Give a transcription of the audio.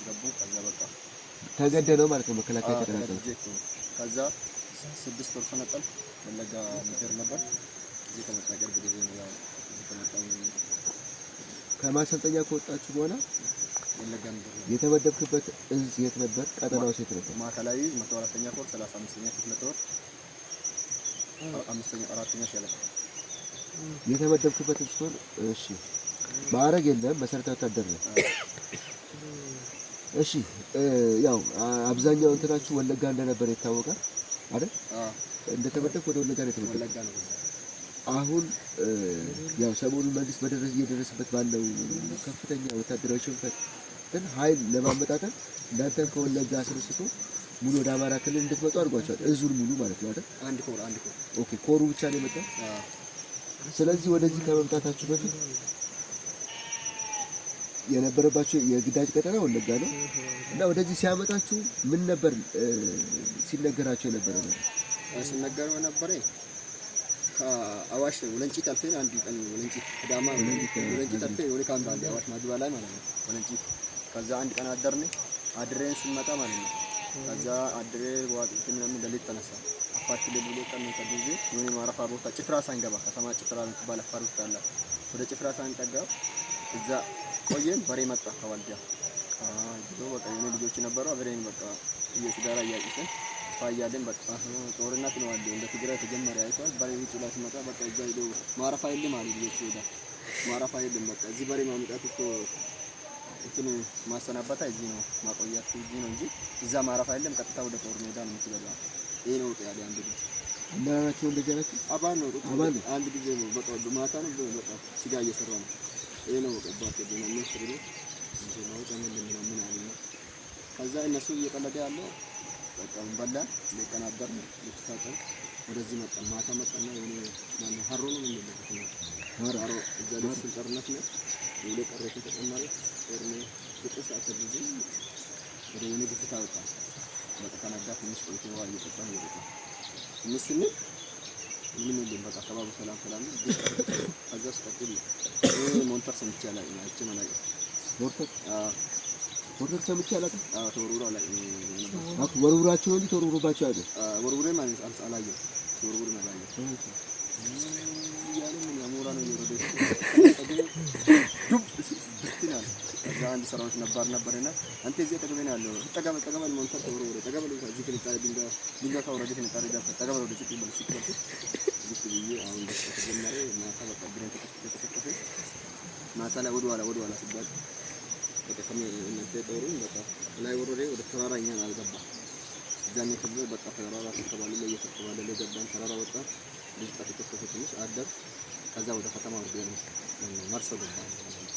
አስገቡ። ከዛ በቃ ማለት ነው። መከላከያ ተቀናቀለ። ከዛ ስድስት ወር ሰነጠል ወለጋ ነገር ነበር። እዚህ ከመጣ ቅርብ ጊዜ ነው። ያው እዚህ ከመጣ ከማሰልጠኛ ከወጣችሁ በኋላ ወለጋ የተመደብክበት። እዝ የት ነበር? ቀጠናው ሴት ነበር። ማዕከላዊ መቶ አራተኛ ኮር ሰላሳ አምስተኛ ክፍለ ጦር አምስተኛ አራተኛ ሻለቃ የተመደብክበት ስትሆን እሺ ማዕረግ የለም መሰረታዊ ወታደር ነው። እሺ ያው አብዛኛው እንትናችሁ ወለጋ እንደነበረ ይታወቃል አይደል? እንደተመደብ ወደ ወለጋ ነው የተመደብ። አሁን ያው ሰሞኑን መንግስት በደረስ እየደረሰበት ባለው ከፍተኛ ወታደራዊ ሽንፈት ግን ኃይል ለማመጣጠን እናንተም ከወለጋ አስነስቶ ሙሉ ወደ አማራ ክልል እንድትመጡ አድርጓቸዋል። እዙን ሙሉ ማለት ነው አይደል? አንድ ኮር አንድ ኮር ኦኬ፣ ኮሩ ብቻ ነው የመጣው። ስለዚህ ወደዚህ ከመምጣታችሁ በፊት የነበረባቸው የግዳጅ ቀጠና ወለጋ ነው እና ወደዚህ ሲያመጣችሁ ምን ነበር ሲነገራቸው የነበረ ነው? ሲነገረው የነበረ ከአዋሽ ወለንጪ ጠልፌን አንድ ቀን ወለንጪ ዳማ ወለንጪ ጠልፌ ወደ ካምፕ አንድ አዋሽ ማግባ ላይ ማለት ነው ወለንጪ። ከዛ አንድ ቀን አደርን። አድሬን ስመጣ ማለት ነው ከዛ አድሬ ዋጥት ምናምን ሌሊት ተነሳ አፋት ለብሎ ቀን ጊዜ የሆነ ማረፋ ቦታ ጭፍራ ሳንገባ ከተማ ጭፍራ የምትባል አፋር ውስጥ አላት። ወደ ጭፍራ ሳንጠጋ እዛ ቆየን። በሬ መጣ ከዋልዲያ ብሎ በቃ የሆነ ልጆች ነበሩ። አብሬን በቃ ጋር እያቂስን ፋያለን በቃ ጦርነት ነው አለ እንደ ትግራይ ተጀመረ። አይቷል በሬ ውጭ ላይ ሲመጣ በቃ እዛ ሄዶ ማረፋ የለም አለ ልጆች ይሄዳል ማረፋ የለም በቃ እዚህ በሬ ማምጣት እኮ እንትን ማሰናበታ እዚህ ነው ማቆያት እዚህ ነው እንጂ እዛ ማረፋ የለም። ቀጥታ ወደ ጦር ሜዳ ነው የምትገባ። ይሄ ነው ያለ አንድ ልጅ አባናቸው ልጅ አለች አባ ነው አንድ ጊዜ ነው በቃ ማታ ነው በቃ ስጋ እየሰራ ነው ከዛ እነሱ እየቀለደ ያለው በቃ በላን ሊቀናበር ነው። ልብስ ታጠብ ወደዚህ መጣን። ማታ መጣና የሆነ ማነው ሀሮ ነው የሚለበት ሀሮ እዛ ላይ ስልጠርነት ነው የሁለ ቀረቱ ተጨማሪ ርሜ ፍቅስ አተጊዜ ወደ የሆነ ግፍት አወጣ። በቃ ከነጋ ትንሽ ቆይቶ ውሃ እየጠጣ ነው ይወጣ ትንሽ ስንል ምንም የለም በቃ አካባቢ ሰላም ሰላም ነው። ሰምቼ አላውቅም፣ አይቼም አላውቅም። ሞርተር ሞርተር ሰምቼ አላውቅም። ተወርውሮ አላውቅም። ወርውራችሁ ነው እንጂ ተወርውሮባችሁ አይደል? ወርውሬም አላየሁም፣ ተወርውሬም አላየሁም። አንድ ሰራዊት ነባር ነበርና አንተ እዚህ ጠገበ ነው ያለው ጠገበ ጠገበ ነው እንትን ተብሎ ወደ ነው እዚህ ከልታ ድንጋ ድንጋ ካወረደ ከልታ ድንጋ ጠገበ ነው ወደ ሲቅ ይባል ሲቅ ነው እዚህ ብዬ አሁን ደስ ተጀመረ እና ተበቃ ግሬት ማታ ላይ ወደ ኋላ ሲባል ላይ ወደ ወደ ተራራ እኛን አልገባ እዛም የክብር በቃ ተራራ ተከባለ ላይ የተከባለ ላይ ገባን። ተራራ ወጣ ልጅ ቀጥቶ ትንሽ አደር ከዛ ወደ ከተማ ወደ መርሶ ገባ